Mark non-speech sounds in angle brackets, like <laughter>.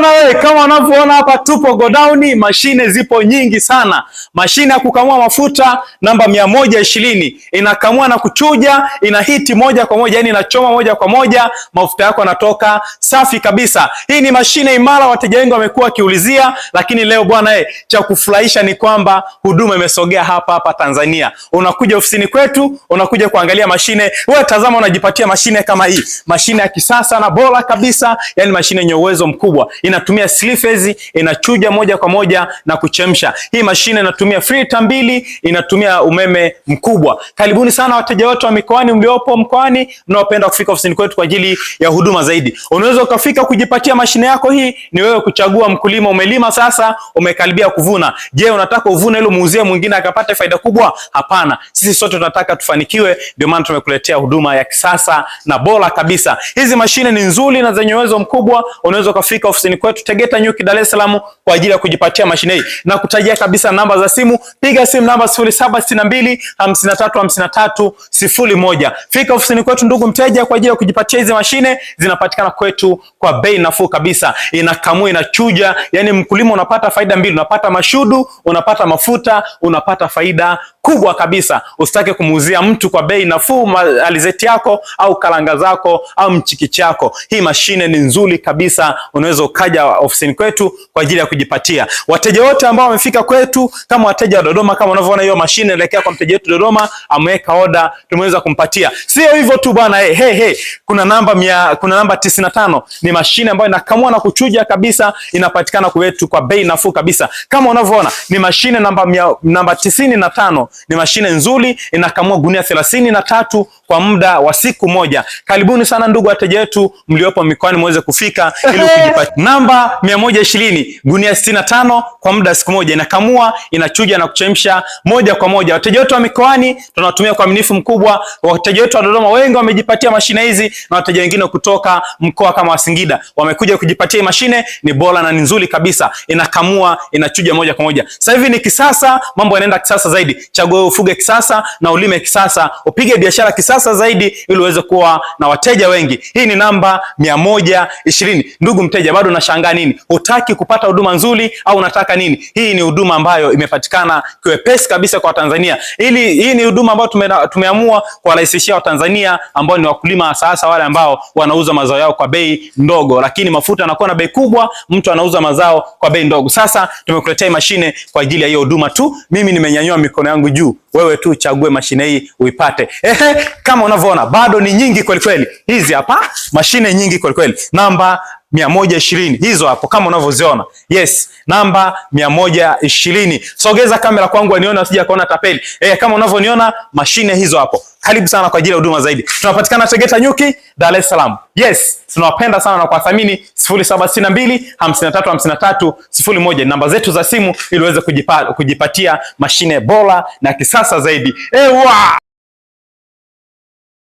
na wewe kama unavyoona hapa, tupo godauni, mashine zipo nyingi sana. Mashine ya kukamua mafuta namba mia moja ishirini inakamua na kuchuja, inahiti moja kwa moja, yani inachoma moja kwa moja, mafuta yako yanatoka safi kabisa. Hii ni mashine imara, wateja wengi wamekuwa wakiulizia, lakini leo bwana e, cha kufurahisha ni kwamba huduma imesogea hapa hapa Tanzania. Unakuja ofisini kwetu, unakuja kuangalia mashine, wewe tazama, unajipatia mashine kama hii, mashine ya kisasa na bora kabisa, yani mashine yenye uwezo mkubwa inatumia slow phase, inachuja moja kwa moja na kuchemsha. Hii mashine inatumia filter mbili, inatumia umeme mkubwa. Karibuni sana wateja wote wa mikoani mliopo mkoani mnaopenda kufika ofisini kwetu kwa ajili ya huduma zaidi. Unaweza ukafika kujipatia mashine yako hii, ni wewe kuchagua. Mkulima umelima sasa, umekaribia kuvuna. Je, unataka uvune ile muuzie mwingine akapate faida kubwa? Hapana, sisi sote tunataka tufanikiwe, ndio maana tumekuletea huduma ya kisasa na bora kabisa. Hizi mashine ni nzuri na zenye uwezo mkubwa, unaweza ukafika ofisini jijini kwetu Tegeta Nyuki, Dar es Salaam kwa ajili ya kujipatia mashine hii na kutajia kabisa namba za simu. Piga simu namba 0762535301. Fika ofisini kwetu ndugu mteja kwa ajili ya kujipatia hizi mashine, zinapatikana kwetu kwa bei nafuu kabisa. Inakamua, inachuja, yani mkulima unapata faida mbili, unapata mashudu, unapata mafuta, unapata faida kubwa kabisa. Usitake kumuuzia mtu kwa bei nafuu alizeti yako au karanga zako au mchikichi yako. Hii mashine ni nzuri kabisa, unaweza wakaja ofisini kwetu kwa ajili ya kujipatia. Wateja wote ambao wamefika kwetu kama wateja wa Dodoma, kama unavyoona hiyo mashine inaelekea kwa mteja wetu Dodoma, ameweka oda, tumeweza kumpatia. Sio hivyo tu bwana, hey, eh, hey, hey. Kuna namba mia, kuna namba 95 ni mashine ambayo inakamua na kuchuja kabisa, inapatikana kwetu kwa bei nafuu kabisa. Kama unavyoona ni mashine namba mia, namba 95 ni mashine nzuri, inakamua gunia thelathini na tatu kwa muda wa siku moja. Karibuni sana ndugu wateja wetu mliopo mikoani muweze kufika ili <laughs> kujipatia namba 120 gunia 65 kwa muda siku moja, inakamua inachuja na kuchemsha moja kwa moja. Wateja wetu wa mikoani tunawatumia kwa aminifu mkubwa. Wateja wetu wa Dodoma wengi wamejipatia mashine hizi, na wateja wengine kutoka mkoa kama wa Singida wamekuja kujipatia hii mashine. Ni bora na ni nzuri kabisa, inakamua inachuja moja kwa moja. Sasa hivi ni kisasa, mambo yanaenda kisasa zaidi. Chagua ufuge kisasa na ulime kisasa, upige biashara kisasa zaidi, ili uweze kuwa na wateja wengi. Hii ni namba 120, Ndugu mteja, bado na unashangaa nini? Hutaki kupata huduma nzuri au unataka nini? Hii ni huduma ambayo imepatikana kiwepesi kabisa kwa Watanzania. Ili hii ni huduma ambayo tume, tumeamua kuwarahisishia Watanzania ambao ni wakulima, hasa hasa wale ambao wanauza mazao yao kwa bei ndogo, lakini mafuta yanakuwa na bei kubwa, mtu anauza mazao kwa bei ndogo. Sasa tumekuletea mashine kwa ajili ya hiyo huduma tu. Mimi nimenyanyua mikono yangu juu, wewe tu chague mashine hii uipate. Ehe, kama unavyoona bado ni nyingi kweli kweli, hizi hapa mashine nyingi kweli kweli. namba 120 hizo hapo kama unavyoziona. Yes, namba 120. Sogeza kamera kwangu anione usije kaona tapeli. Eh, kama unavyoniona mashine hizo hapo. Karibu sana kwa ajili ya huduma zaidi. Tunapatikana Tegeta Nyuki, Dar es Salaam. Yes, tunawapenda sana na kuwathamini 0762 5353 01 namba zetu za simu ili uweze kujipa, kujipatia mashine bora na kisasa zaidi. Ewa! Eh,